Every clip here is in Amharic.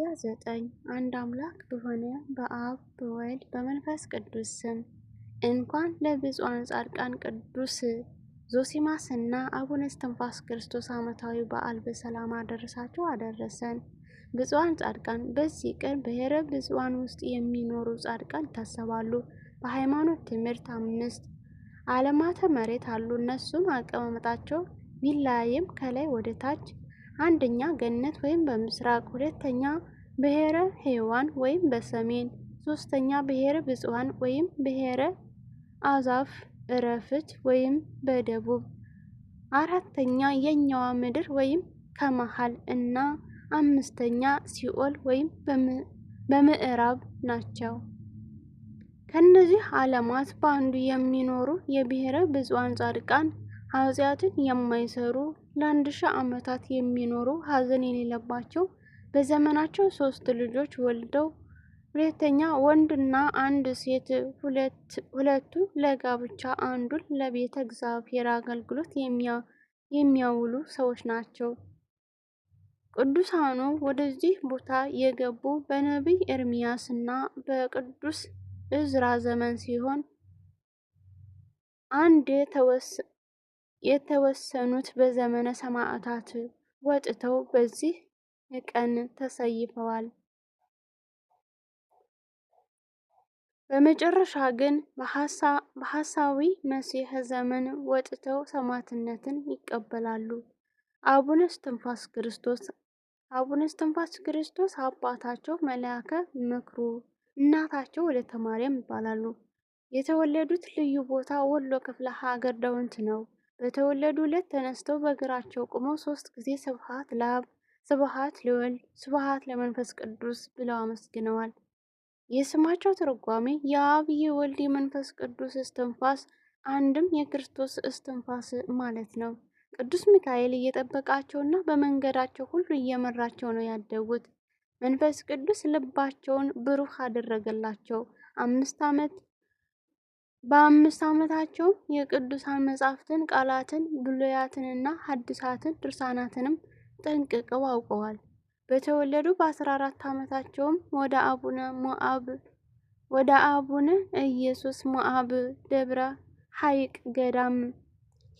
ያ ዘጠኝ አንድ አምላክ በሆነ በአብ በወልድ በመንፈስ ቅዱስ ስም እንኳን ለብፁዓን ጻድቃን ቅዱስ ዞሲማስና አቡነ እስትንፋሰ ክርስቶስ ዓመታዊ በዓል በሰላም አደረሳችሁ አደረሰን። ብፁዓን ጻድቃን በዚህ ቀን ብሔረ ብፁዓን ውስጥ የሚኖሩ ጻድቃን ይታሰባሉ። በሃይማኖት ትምህርት አምስት ዓለማተ መሬት አሉ። እነሱም አቀማመጣቸው ቢለያይም ከላይ ወደ ታች አንደኛ ገነት ወይም በምስራቅ፣ ሁለተኛ ብሔረ ሕያዋን ወይም በሰሜን፣ ሶስተኛ ብሔረ ብፁዓን ወይም ብሔረ አዛፍ እረፍት ወይም በደቡብ፣ አራተኛ የኛዋ ምድር ወይም ከመሃል እና አምስተኛ ሲኦል ወይም በምዕራብ ናቸው። ከነዚህ ዓለማት በአንዱ የሚኖሩ የብሔረ ብፁዓን ጻድቃን ኃጢአትን የማይሰሩ ለአንድ ሺህ ዓመታት የሚኖሩ ሀዘን የሌለባቸው በዘመናቸው ሶስት ልጆች ወልደው ሁለተኛ ወንድና አንድ ሴት ሁለቱ ለጋብቻ አንዱን ለቤተ እግዚአብሔር አገልግሎት የሚያውሉ ሰዎች ናቸው። ቅዱሳኑ ወደዚህ ቦታ የገቡ በነቢይ ኤርምያስ እና በቅዱስ እዝራ ዘመን ሲሆን አንድ የተወሰኑት በዘመነ ሰማዕታት ወጥተው በዚህ ቀን ተሰይፈዋል። በመጨረሻ ግን በሐሳዊ መሲሕ ዘመን ወጥተው ሰማዕትነትን ይቀበላሉ። አቡነ እስትንፋሰ ክርስቶስ አቡነ ክርስቶስ አባታቸው መልአከ ምክሩ፣ እናታቸው ወለተ ማርያም ይባላሉ። የተወለዱት ልዩ ቦታ ወሎ ክፍለ ሀገር ዳውንት ነው። በተወለዱ ዕለት ተነስተው በእግራቸው ቆመው ሦስት ጊዜ ስብሐት ለአብ ስብሐት ለወልድ ስብሐት ለመንፈስ ቅዱስ ብለው አመስግነዋል። የስማቸው ትርጓሜ የአብ የወልድ የመንፈስ ቅዱስ እስትንፋስ አንድም የክርስቶስ እስትንፋስ ማለት ነው። ቅዱስ ሚካኤል እየጠበቃቸውና በመንገዳቸው ሁሉ እየመራቸው ነው ያደጉት። መንፈስ ቅዱስ ልባቸውን ብሩህ አደረገላቸው። አምስት ዓመት በአምስት ዓመታቸውም የቅዱሳን መጻሕፍትን ቃላትን ብሉያትንና ሐዲሳትን ድርሳናትንም ጠንቅቀው አውቀዋል። በተወለዱ በአስራ አራት ዓመታቸውም ወደ አቡነ ሞአብ ወደ አቡነ ኢየሱስ ሞአብ ደብረ ሐይቅ ገዳም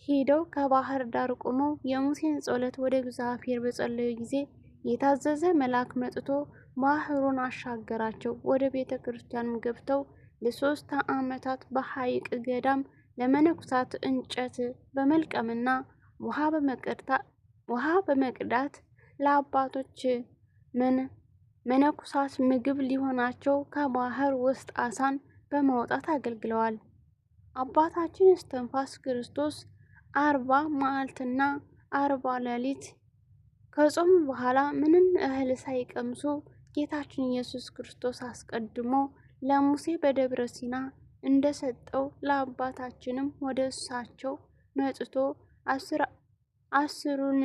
ሄደው ከባህር ዳር ቆመው የሙሴን ጸሎት ወደ እግዚአብሔር በጸለዩ ጊዜ የታዘዘ መልአክ መጥቶ ባህሩን አሻገራቸው። ወደ ቤተ ክርስቲያንም ገብተው ለሶስት ዓመታት በሐይቅ ገዳም ለመነኩሳት እንጨት በመልቀምና ውሃ በመቅዳት ለአባቶች መነኩሳት ምግብ ሊሆናቸው ከባህር ውስጥ አሳን በማውጣት አገልግለዋል። አባታችን እስትንፋሰ ክርስቶስ አርባ መዓልትና አርባ ሌሊት ከጾሙ በኋላ ምንም እህል ሳይቀምሱ ጌታችን ኢየሱስ ክርስቶስ አስቀድሞ ለሙሴ በደብረ ሲና እንደሰጠው ለአባታችንም ወደ እሳቸው መጥቶ አስሩን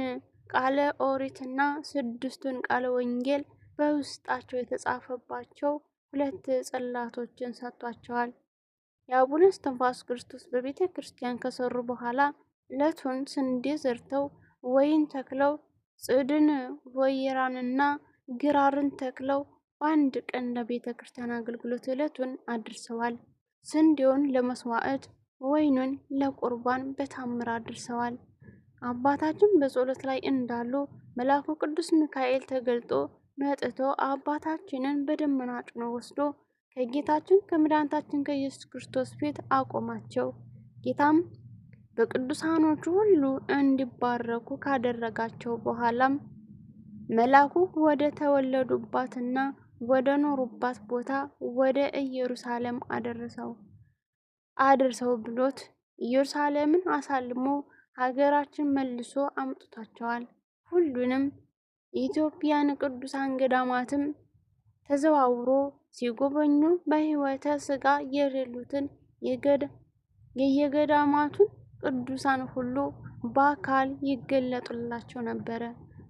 ቃለ ኦሪትና ስድስቱን ቃለ ወንጌል በውስጣቸው የተጻፈባቸው ሁለት ጽላቶችን ሰጥቷቸዋል። የአቡነ እስትንፋስ ክርስቶስ በቤተ ክርስቲያን ከሰሩ በኋላ ዕለቱን ስንዴ ዘርተው ወይን ተክለው ጽድን ወይራንና ግራርን ተክለው በአንድ ቀን ለቤተ ክርስቲያን አገልግሎት ዕለቱን አድርሰዋል። ስንዴውን ለመስዋዕት ወይኑን ለቁርባን በታምር አድርሰዋል። አባታችን በጸሎት ላይ እንዳሉ መልአኩ ቅዱስ ሚካኤል ተገልጦ መጥቶ አባታችንን በደመና ጭኖ ወስዶ ከጌታችን ከመድኃኒታችን ከኢየሱስ ክርስቶስ ፊት አቆማቸው። ጌታም በቅዱሳኖቹ ሁሉ እንዲባረኩ ካደረጋቸው በኋላም መልአኩ ወደ ተወለዱባትና ወደ ኖሩባት ቦታ ወደ ኢየሩሳሌም አደረሰው አድርሰው ብሎት ኢየሩሳሌምን አሳልሞ ሀገራችን መልሶ አምጥቷቸዋል። ሁሉንም የኢትዮጵያን ቅዱሳን ገዳማትም ተዘዋውሮ ሲጎበኙ በሕይወተ ሥጋ የሌሉትን የየገዳማቱን ቅዱሳን ሁሉ በአካል ይገለጡላቸው ነበረ።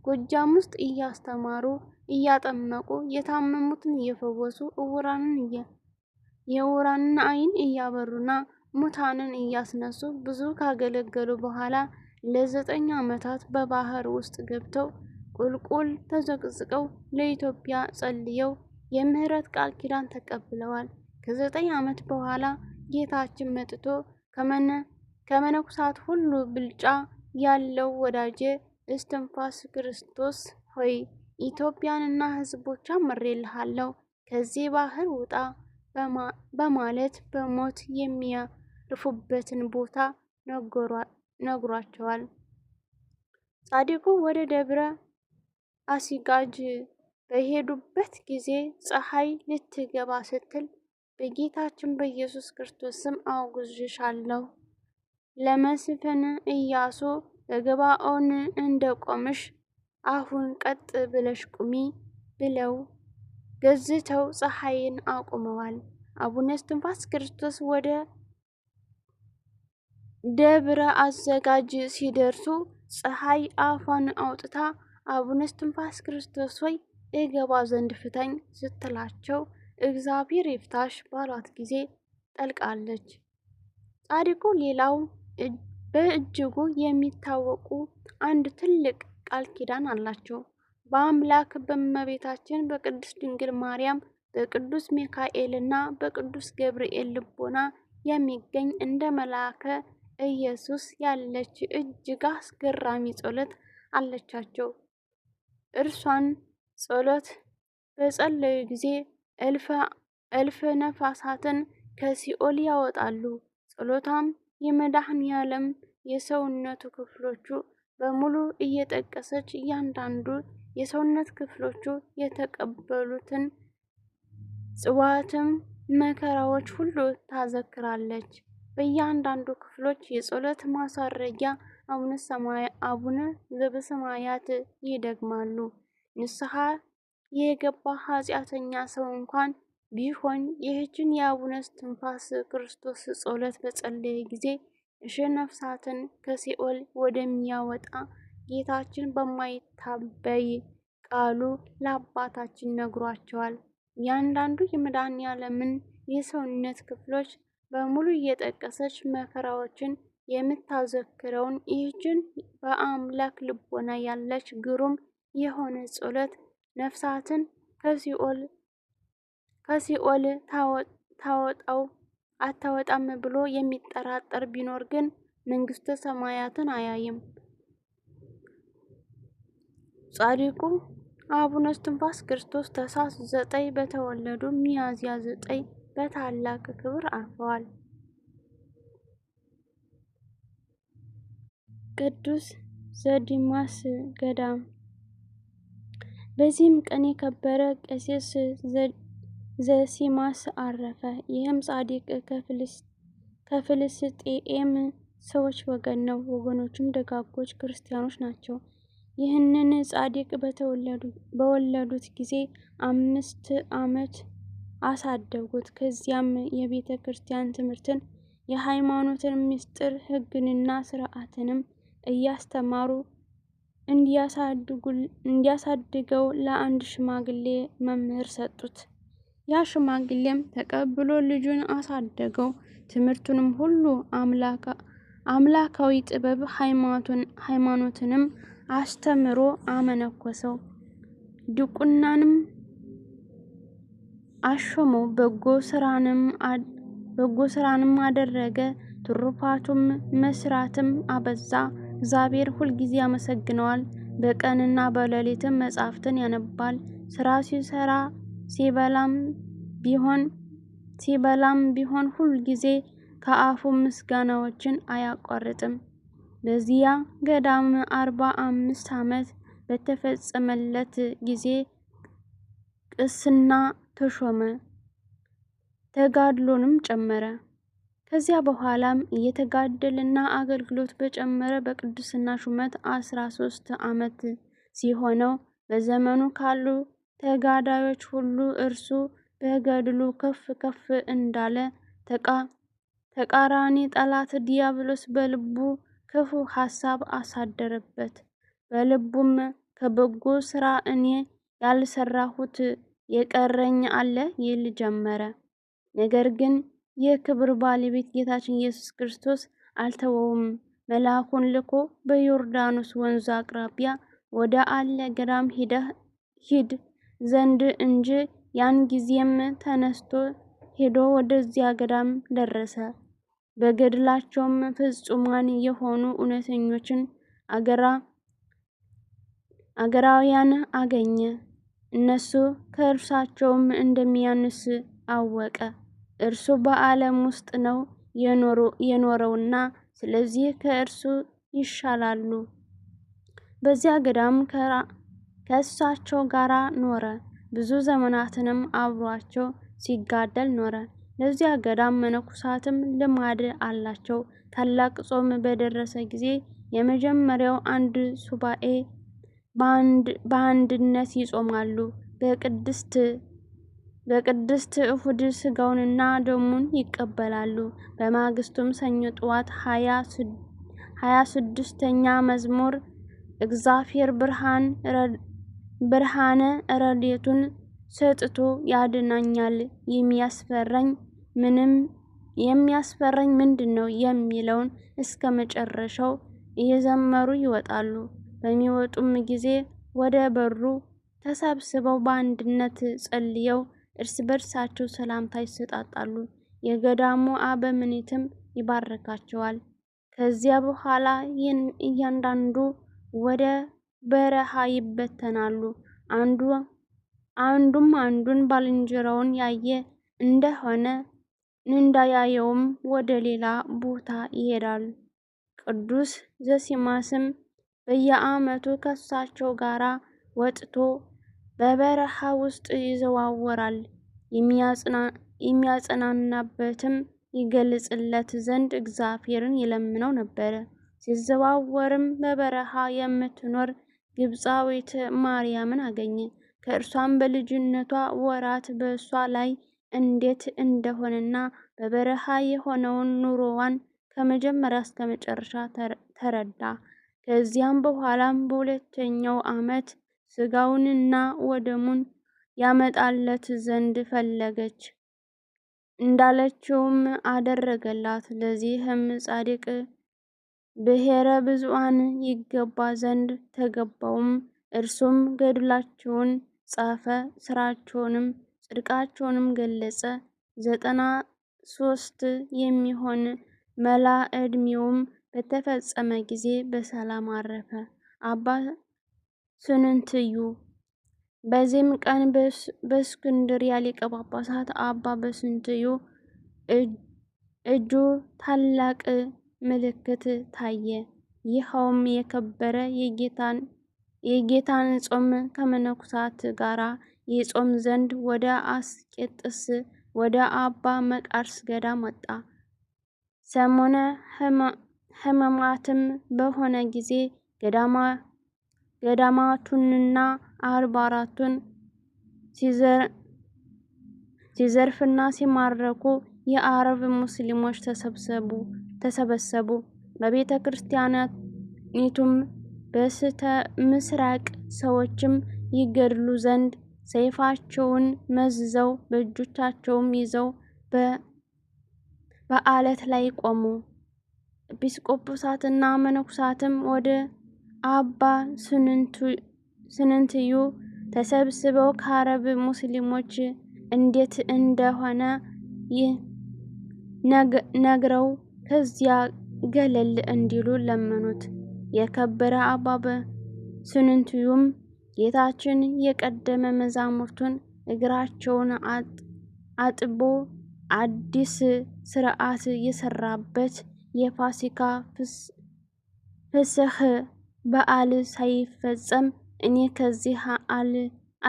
ጎጃም ውስጥ እያስተማሩ እያጠመቁ የታመሙትን እየፈወሱ እውራንን የውራንን አይን እያበሩና ሙታንን እያስነሱ ብዙ ካገለገሉ በኋላ ለዘጠኝ ዓመታት በባህር ውስጥ ገብተው ቁልቁል ተዘቅዝቀው ለኢትዮጵያ ጸልየው የምህረት ቃል ኪዳን ተቀብለዋል። ከዘጠኝ ዓመት በኋላ ጌታችን መጥቶ ከመነኩሳት ሁሉ ብልጫ ያለው ወዳጄ እስትንፋስ ክርስቶስ ሆይ ኢትዮጵያንና ሕዝቦቿን ምሬልሃለሁ፣ ከዚህ ባህር ውጣ በማለት በሞት የሚያርፉበትን ቦታ ነግሯቸዋል። ጻድቁ ወደ ደብረ አሲጋጅ በሄዱበት ጊዜ ፀሐይ ልትገባ ስትል በጌታችን በኢየሱስ ክርስቶስ ስም አውግዝሻለሁ ለመስፍን ኢያሱ በገባኦን እንደቆምሽ አሁን ቀጥ ብለሽ ቁሚ ብለው ገዝተው ፀሐይን አቁመዋል። አቡነ እስትንፋሰ ክርስቶስ ወደ ደብረ አዘጋጅ ሲደርሱ ፀሐይ አፏን አውጥታ አቡነ እስትንፋሰ ክርስቶስ ሆይ እገባ ዘንድ ፍተኝ ስትላቸው እግዚአብሔር ይፍታሽ ባሏት ጊዜ ጠልቃለች። ጻድቁ ሌላው በእጅጉ የሚታወቁ አንድ ትልቅ ቃል ኪዳን አላቸው። በአምላክ በእመቤታችን በቅድስት ድንግል ማርያም በቅዱስ ሚካኤልና በቅዱስ ገብርኤል ልቦና የሚገኝ እንደ መልአከ ኢየሱስ ያለች እጅግ አስገራሚ ጸሎት አለቻቸው። እርሷን ጸሎት በጸለዩ ጊዜ እልፍ ነፋሳትን ከሲኦል ያወጣሉ። ጸሎቷም የመድኃኔ ዓለም የሰውነቱ ክፍሎቹ በሙሉ እየጠቀሰች እያንዳንዱ የሰውነት ክፍሎቹ የተቀበሉትን ጽዋትም መከራዎች ሁሉ ታዘክራለች። በእያንዳንዱ ክፍሎች የጸሎት ማሳረጊያ አቡነ ዘበሰማያት ይደግማሉ። ንስሐ የገባ ኃጢአተኛ ሰው እንኳን ቢሆን ይህችን የአቡነ ትንፋስ ክርስቶስ ጸሎት በጸለየ ጊዜ ነፍሳትን ከሲኦል ወደሚያወጣ ጌታችን በማይታበይ ቃሉ ለአባታችን ነግሯቸዋል። እያንዳንዱ የመድኃኔዓለምን የሰውነት ክፍሎች በሙሉ እየጠቀሰች መከራዎችን የምታዘክረውን ይህችን በአምላክ ልቦና ያለች ግሩም የሆነ ጸሎት ነፍሳትን ከሲኦል ታወጣው አታወጣም ብሎ የሚጠራጠር ቢኖር ግን መንግስተ ሰማያትን አያይም። ጻድቁ አቡነ እስትንፋስ ክርስቶስ ታኅሳስ ዘጠኝ በተወለዱ ሚያዝያ ዘጠኝ በታላቅ ክብር አርፈዋል። ቅዱስ ዘዲማስ ገዳም በዚህም ቀን የከበረ ቀሴስ ዘሲማስ አረፈ። ይህም ጻድቅ ከፍልስጤኤም ሰዎች ወገን ነው። ወገኖቹም ደጋጎች ክርስቲያኖች ናቸው። ይህንን ጻድቅ በወለዱት ጊዜ አምስት ዓመት አሳደጉት። ከዚያም የቤተ ክርስቲያን ትምህርትን፣ የሃይማኖትን ምስጢር፣ ሕግንና ስርዓትንም እያስተማሩ እንዲያሳድገው ለአንድ ሽማግሌ መምህር ሰጡት። ያ ሽማግሌም ተቀብሎ ልጁን አሳደገው። ትምህርቱንም ሁሉ አምላካዊ ጥበብ፣ ሃይማኖትንም አስተምሮ አመነኮሰው። ድቁናንም አሾመው። በጎ ስራንም አደረገ። ትሩፋቱም መስራትም አበዛ። እግዚአብሔር ሁልጊዜ ያመሰግነዋል። በቀንና በሌሊትም መጻሕፍትን ያነባል። ስራ ሲሰራ ሲበላም ቢሆን ሲበላም ቢሆን ሁል ጊዜ ከአፉ ምስጋናዎችን አያቋርጥም። በዚያ ገዳም አርባ አምስት ዓመት በተፈጸመለት ጊዜ ቅስና ተሾመ፣ ተጋድሎንም ጨመረ። ከዚያ በኋላም እየተጋደልና አገልግሎት በጨመረ በቅድስና ሹመት አስራ ሶስት ዓመት ሲሆነው በዘመኑ ካሉ ተጋዳዮች ሁሉ እርሱ በገድሉ ከፍ ከፍ እንዳለ፣ ተቃራኒ ጠላት ዲያብሎስ በልቡ ክፉ ሐሳብ አሳደረበት። በልቡም ከበጎ ሥራ እኔ ያልሰራሁት የቀረኝ አለ ይል ጀመረ። ነገር ግን የክብር ባለቤት ጌታችን ኢየሱስ ክርስቶስ አልተወውም። መልአኩን ልኮ በዮርዳኖስ ወንዝ አቅራቢያ ወደ አለ ገዳም ሂድ ዘንድ እንጂ። ያን ጊዜም ተነስቶ ሄዶ ወደዚያ ገዳም ደረሰ። በገድላቸውም ፍጹማን የሆኑ እውነተኞችን አገራውያን አገኘ። እነሱ ከእርሳቸውም እንደሚያንስ አወቀ። እርሱ በዓለም ውስጥ ነው የኖረውና ስለዚህ ከእርሱ ይሻላሉ። በዚያ ገዳም ከእሳቸው ጋር ኖረ። ብዙ ዘመናትንም አብሯቸው ሲጋደል ኖረ። ለዚያ ገዳም መነኩሳትም ልማድ አላቸው። ታላቅ ጾም በደረሰ ጊዜ የመጀመሪያው አንድ ሱባኤ በአንድነት ይጾማሉ። በቅድስት በቅድስት እሁድ ስጋውንና ደሙን ይቀበላሉ። በማግስቱም ሰኞ ጠዋት ሀያ ስድስተኛ መዝሙር እግዚአብሔር ብርሃን ብርሃነ ረድኤቱን ሰጥቶ ያድናኛል። የሚያስፈራኝ ምንም የሚያስፈራኝ ምንድን ነው የሚለውን እስከ መጨረሻው እየዘመሩ ይወጣሉ። በሚወጡም ጊዜ ወደ በሩ ተሰብስበው በአንድነት ጸልየው እርስ በርሳቸው ሰላምታ ይሰጣጣሉ። የገዳሙ አበምኔትም ይባርካቸዋል። ከዚያ በኋላ እያንዳንዱ ወደ በረሃ ይበተናሉ። አንዱ አንዱም አንዱን ባልንጀራውን ያየ እንደሆነ እንዳያየውም ወደ ሌላ ቦታ ይሄዳል። ቅዱስ ዘሲማስም በየዓመቱ ከእሳቸው ጋር ወጥቶ በበረሃ ውስጥ ይዘዋወራል። የሚያጸናናበትም ይገለጽለት ዘንድ እግዚአብሔርን ይለምነው ነበር። ሲዘዋወርም በበረሃ የምትኖር ግብፃዊት ማርያምን አገኘ። ከእርሷም በልጅነቷ ወራት በእሷ ላይ እንዴት እንደሆነና በበረሃ የሆነውን ኑሮዋን ከመጀመሪያ እስከ መጨረሻ ተረዳ። ከዚያም በኋላም በሁለተኛው ዓመት ስጋውንና ወደሙን ያመጣለት ዘንድ ፈለገች፣ እንዳለችውም አደረገላት። ለዚህም ጻድቅ ብሔረ ብዙኃን ይገባ ዘንድ ተገባውም። እርሱም ገድላቸውን ጻፈ፣ ሥራቸውንም ጽድቃቸውንም ገለጸ። ዘጠና ሦስት የሚሆን መላ ዕድሜውም በተፈጸመ ጊዜ በሰላም አረፈ። አባ ስንንትዩ! በዚህም ቀን በእስክንድርያ ሊቀ ጳጳሳት አባ በስንትዩ እጁ ታላቅ ምልክት ታየ። ይኸውም የከበረ የጌታን ጾም ከመነኩሳት ጋር ይጾም ዘንድ ወደ አስቄጥስ ወደ አባ መቃርስ ገዳም ወጣ። ሰሞነ ሕማማትም በሆነ ጊዜ ገዳማቱንና አርባ አራቱን ሲዘርፍና ሲማርኩ የአረብ ሙስሊሞች ተሰብሰቡ! ተሰበሰቡ። በቤተ ክርስቲያኒቱም በስተ ምስራቅ ሰዎችም ይገድሉ ዘንድ ሰይፋቸውን መዝዘው በእጆቻቸውም ይዘው በአለት ላይ ቆሙ። ኤጲስቆጶሳትና መነኩሳትም ወደ አባ ስንንትዩ ተሰብስበው ከአረብ ሙስሊሞች እንዴት እንደሆነ ነግረው ከዚያ ገለል እንዲሉ ለመኑት። የከበረ አባበ ስንንትዩም ጌታችን የቀደመ መዛሙርቱን እግራቸውን አጥቦ አዲስ ስርዓት የሰራበት የፋሲካ ፍስህ በዓል ሳይፈጸም እኔ ከዚህ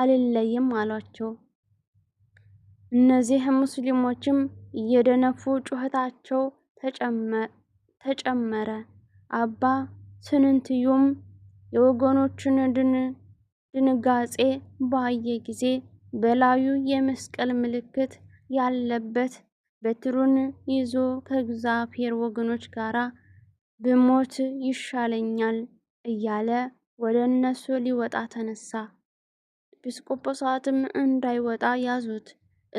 አልለይም አሏቸው። እነዚህ ሙስሊሞችም እየደነፉ ጩኸታቸው ተጨመረ። አባ ስንትዮም የወገኖቹን ድንጋጼ ባየ ጊዜ በላዩ የመስቀል ምልክት ያለበት በትሩን ይዞ ከእግዚአብሔር ወገኖች ጋር ብሞት ይሻለኛል እያለ ወደ እነሱ ሊወጣ ተነሳ። ኤጲስ እንዳይወጣ ያዙት።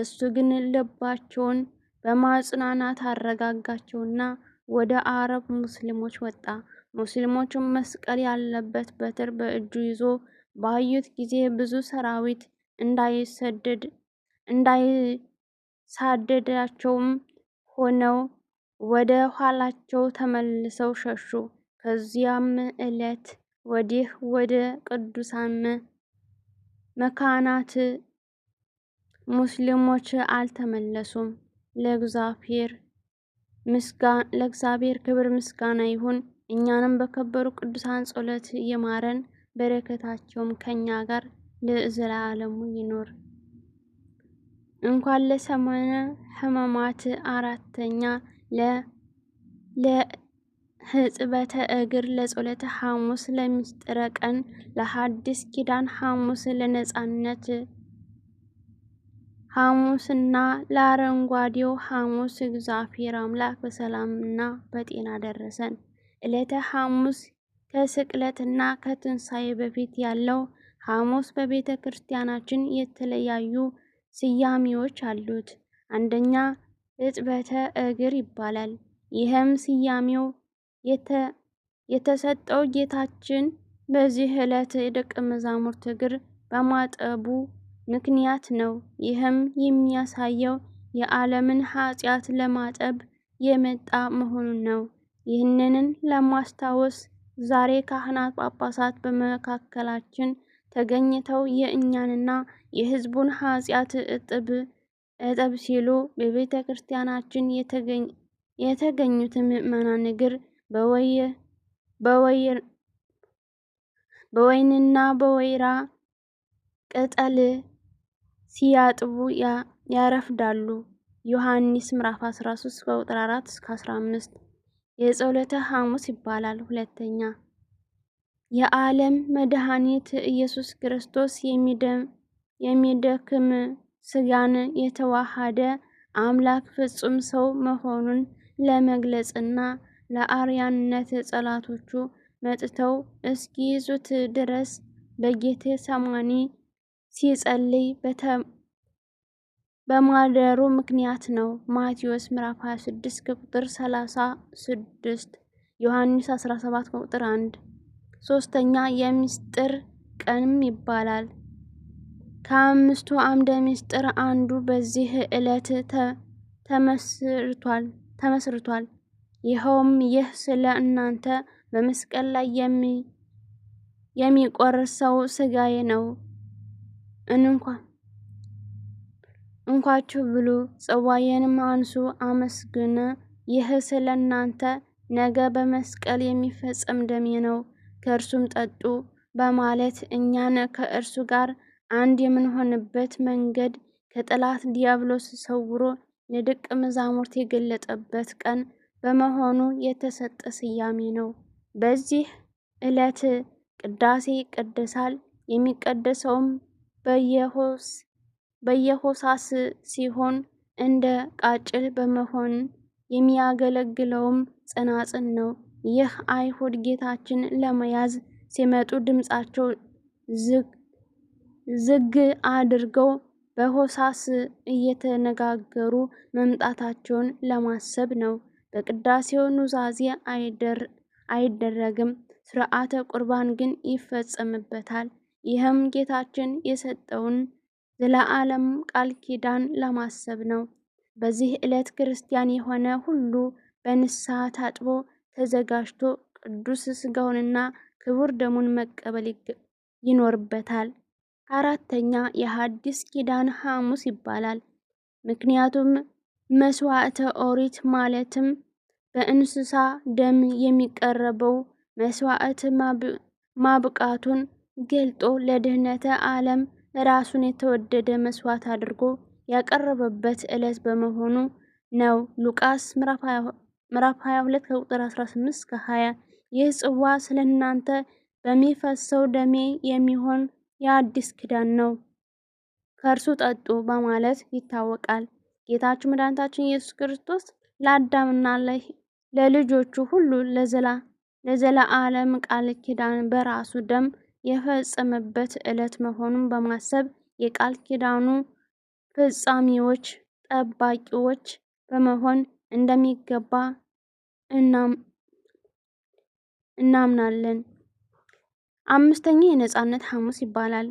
እሱ ግን ልባቸውን በማጽናናት አረጋጋቸውና ወደ አረብ ሙስሊሞች ወጣ። ሙስሊሞቹም መስቀል ያለበት በትር በእጁ ይዞ ባዩት ጊዜ ብዙ ሰራዊት እንዳይሳደዳቸውም ሆነው ወደ ኋላቸው ተመልሰው ሸሹ። ከዚያም ዕለት ወዲህ ወደ ቅዱሳን መካናት ሙስሊሞች አልተመለሱም። ለእግዚአብሔር ክብር ምስጋና ይሁን። እኛንም በከበሩ ቅዱሳን ጸሎት ይማረን፣ በረከታቸውም ከእኛ ጋር ለዘላለሙ ይኖር። እንኳን ለሰሙነ ሕማማት አራተኛ ለሕጽበተ እግር፣ ለጸሎተ ሐሙስ፣ ለምሥጢረ ቀን፣ ለሐዲስ ኪዳን ሐሙስ፣ ለነጻነት ሐሙስና ለአረንጓዴው ሐሙስ እግዚአብሔር አምላክ በሰላምና በጤና ደረሰን። ዕለተ ሐሙስ ከስቅለትና ከትንሣኤ በፊት ያለው ሐሙስ በቤተ ክርስቲያናችን የተለያዩ ስያሜዎች አሉት። አንደኛ እጥበተ እግር ይባላል። ይህም ስያሜው የተሰጠው ጌታችን በዚህ ዕለት የደቀ መዛሙርት እግር በማጠቡ ምክንያት ነው። ይህም የሚያሳየው የዓለምን ኃጢአት ለማጠብ የመጣ መሆኑን ነው። ይህንንን ለማስታወስ ዛሬ ካህናት፣ ጳጳሳት በመካከላችን ተገኝተው የእኛንና የሕዝቡን ኃጢአት እጠብ ሲሉ በቤተ ክርስቲያናችን የተገኙት ምዕመናን እግር በወይንና በወይራ ቅጠል ሲያጥቡ ያረፍዳሉ። ዮሐንስ ምዕራፍ 13 ቁጥር 4 እስከ 15 የጸሎተ ሐሙስ ይባላል። ሁለተኛ የዓለም መድኃኒት ኢየሱስ ክርስቶስ የሚደክም ስጋን የተዋሃደ አምላክ ፍጹም ሰው መሆኑን ለመግለጽና ለአርያነት ጸላቶቹ መጥተው እስኪይዙት ድረስ በጌቴ ሰማኒ ሲጸልይ በማደሩ ምክንያት ነው። ማቴዎስ ምዕራፍ 26 ቁጥር 36፣ ዮሐንስ 17 ቁጥር 1። ሶስተኛ የምስጢር ቀንም ይባላል። ከአምስቱ አምደ ምስጢር አንዱ በዚህ ዕለት ተመስርቷል። ይኸውም ይህ ስለ እናንተ በመስቀል ላይ የሚቆርሰው ስጋዬ ነው እንኳ እንኳችሁ ብሉ፣ ጽዋዬንም አንሱ አመስግኑ። ይህ ስለ እናንተ ነገ በመስቀል የሚፈጸም ደሜ ነው፣ ከእርሱም ጠጡ በማለት እኛን ከእርሱ ጋር አንድ የምንሆንበት መንገድ ከጠላት ዲያብሎስ ሰውሮ ለደቀ መዛሙርት የገለጠበት ቀን በመሆኑ የተሰጠ ስያሜ ነው። በዚህ ዕለት ቅዳሴ ይቀደሳል። የሚቀደሰውም በየሆሳስ ሲሆን እንደ ቃጭል በመሆን የሚያገለግለውም ጽናጽን ነው። ይህ አይሁድ ጌታችን ለመያዝ ሲመጡ ድምፃቸው ዝግ አድርገው በሆሳስ እየተነጋገሩ መምጣታቸውን ለማሰብ ነው። በቅዳሴው ኑዛዜ አይደረግም፣ ስርዓተ ቁርባን ግን ይፈጸምበታል። ይህም ጌታችን የሰጠውን ዘለዓለም ቃል ኪዳን ለማሰብ ነው። በዚህ ዕለት ክርስቲያን የሆነ ሁሉ በንስሐ ታጥቦ ተዘጋጅቶ ቅዱስ ሥጋውንና ክቡር ደሙን መቀበል ይኖርበታል። አራተኛ የሐዲስ ኪዳን ሐሙስ ይባላል። ምክንያቱም መስዋዕተ ኦሪት ማለትም በእንስሳ ደም የሚቀረበው መስዋዕት ማብቃቱን ገልጦ ለድህነተ ዓለም ራሱን የተወደደ መስዋዕት አድርጎ ያቀረበበት ዕለት በመሆኑ ነው። ሉቃስ ምዕራፍ 22 ከቁጥር 18 ከ 20 ይህ ጽዋ ስለ እናንተ በሚፈሰው ደሜ የሚሆን የአዲስ ኪዳን ነው፣ ከእርሱ ጠጡ በማለት ይታወቃል። ጌታችን መድኃኒታችን ኢየሱስ ክርስቶስ ለአዳምና ለልጆቹ ሁሉ ለዘላ ለዘላ ዓለም ቃል ኪዳን በራሱ ደም የፈጸመበት ዕለት መሆኑን በማሰብ የቃል ኪዳኑ ፍጻሜዎች ጠባቂዎች በመሆን እንደሚገባ እናምናለን። አምስተኛ የነፃነት ሐሙስ ይባላል።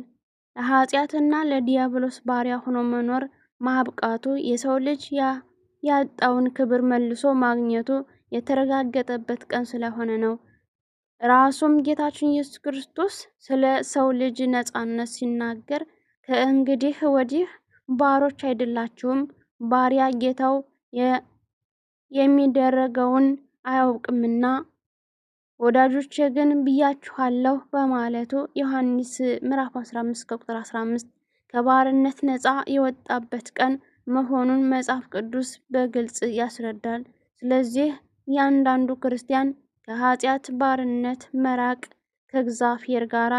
ለኃጢአትና ለዲያብሎስ ባሪያ ሆኖ መኖር ማብቃቱ የሰው ልጅ ያጣውን ክብር መልሶ ማግኘቱ የተረጋገጠበት ቀን ስለሆነ ነው። ራሱም ጌታችን ኢየሱስ ክርስቶስ ስለ ሰው ልጅ ነጻነት ሲናገር ከእንግዲህ ወዲህ ባሮች አይደላችሁም፣ ባሪያ ጌታው የሚደረገውን አያውቅምና ወዳጆቼ ግን ብያችኋለሁ በማለቱ ዮሐንስ ምዕራፍ 15 ከቁጥር 15 ከባርነት ነፃ የወጣበት ቀን መሆኑን መጽሐፍ ቅዱስ በግልጽ ያስረዳል። ስለዚህ እያንዳንዱ ክርስቲያን ከኃጢአት ባርነት መራቅ ከእግዚአብሔር ጋር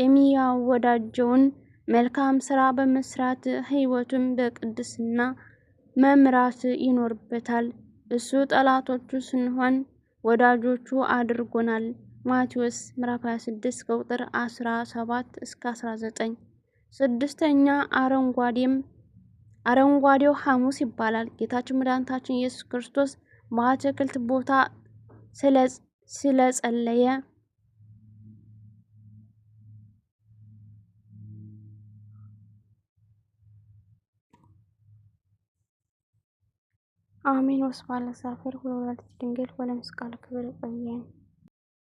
የሚያወዳጀውን መልካም ሥራ በመስራት ሕይወቱን በቅድስና መምራት ይኖርበታል። እሱ ጠላቶቹ ስንሆን ወዳጆቹ አድርጎናል። ማቴዎስ ምዕራፍ 26 ከቁጥር 17 እስከ 19። ስድስተኛ አረንጓዴም አረንጓዴው ሐሙስ ይባላል። ጌታችን መድኃኒታችን ኢየሱስ ክርስቶስ በአትክልት ቦታ ስለጸለየ አሜን። ወስብሐት ለእግዚአብሔር ወለወላዲቱ ድንግል ወለመስቀሉ ክቡር ይቆየን።